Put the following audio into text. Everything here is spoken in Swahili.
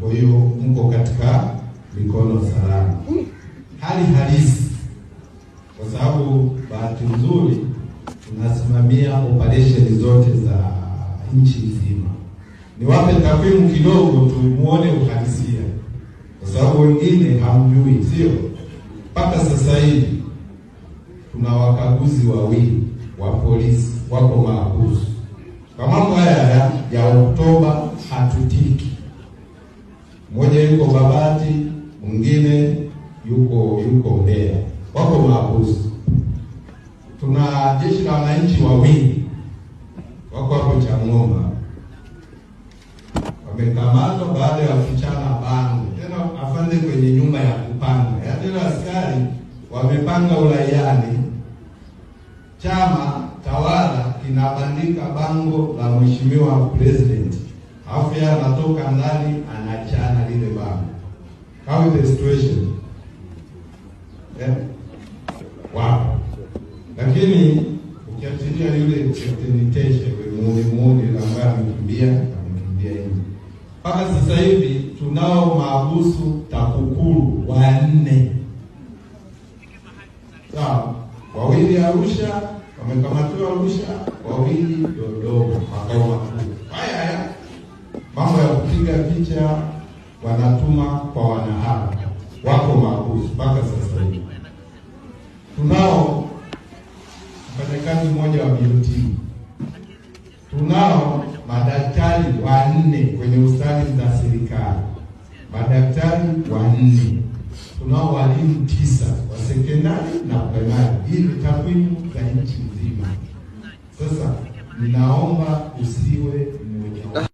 Kwa hiyo mko katika mikono salama, hali halisi, kwa sababu bahati nzuri tunasimamia operesheni zote za nchi nzima. Niwape takwimu kidogo muone uhalisia, kwa sababu wengine hamjui, sio mpaka sasa hivi tuna wakaguzi wawili wa polisi wako mahabusu. Kwa mambo haya ya Oktoba hatutii mmoja yuko Babati, mwingine yuko yuko Mbeya, wako mahabusu. Tuna jeshi la wananchi wawili wako hapo Chang'oma, wamekamatwa baada ya kuchana bango, tena afande kwenye nyumba ya kupanga, tena, askari wamepanga uraiani, chama tawala kinabandika bango la mheshimiwa president afya anatoka ndani anachana lile bango. How is the situation? Yeah. Wow. Lakini ukiachilia yule Captain Teshe mmoja mmoja ambaye amekimbia amekimbia hivi. Mpaka sasa hivi tunao maabusu TAKUKURU wanne. Sawa. Wawili Arusha, wamekamatiwa Arusha, wawili Dodoma makao mambo ya kupiga picha wanatuma kwa wanahaba wako maarufu mpaka sasa hivi. Tunao mfanyakazi mmoja wa BOT, tunao madaktari wanne kwenye hospitali za serikali, madaktari wanne, tunao walimu tisa wa sekondari na primary. Hii ni takwimu za nchi nzima. Sasa ninaomba usiwe mmoja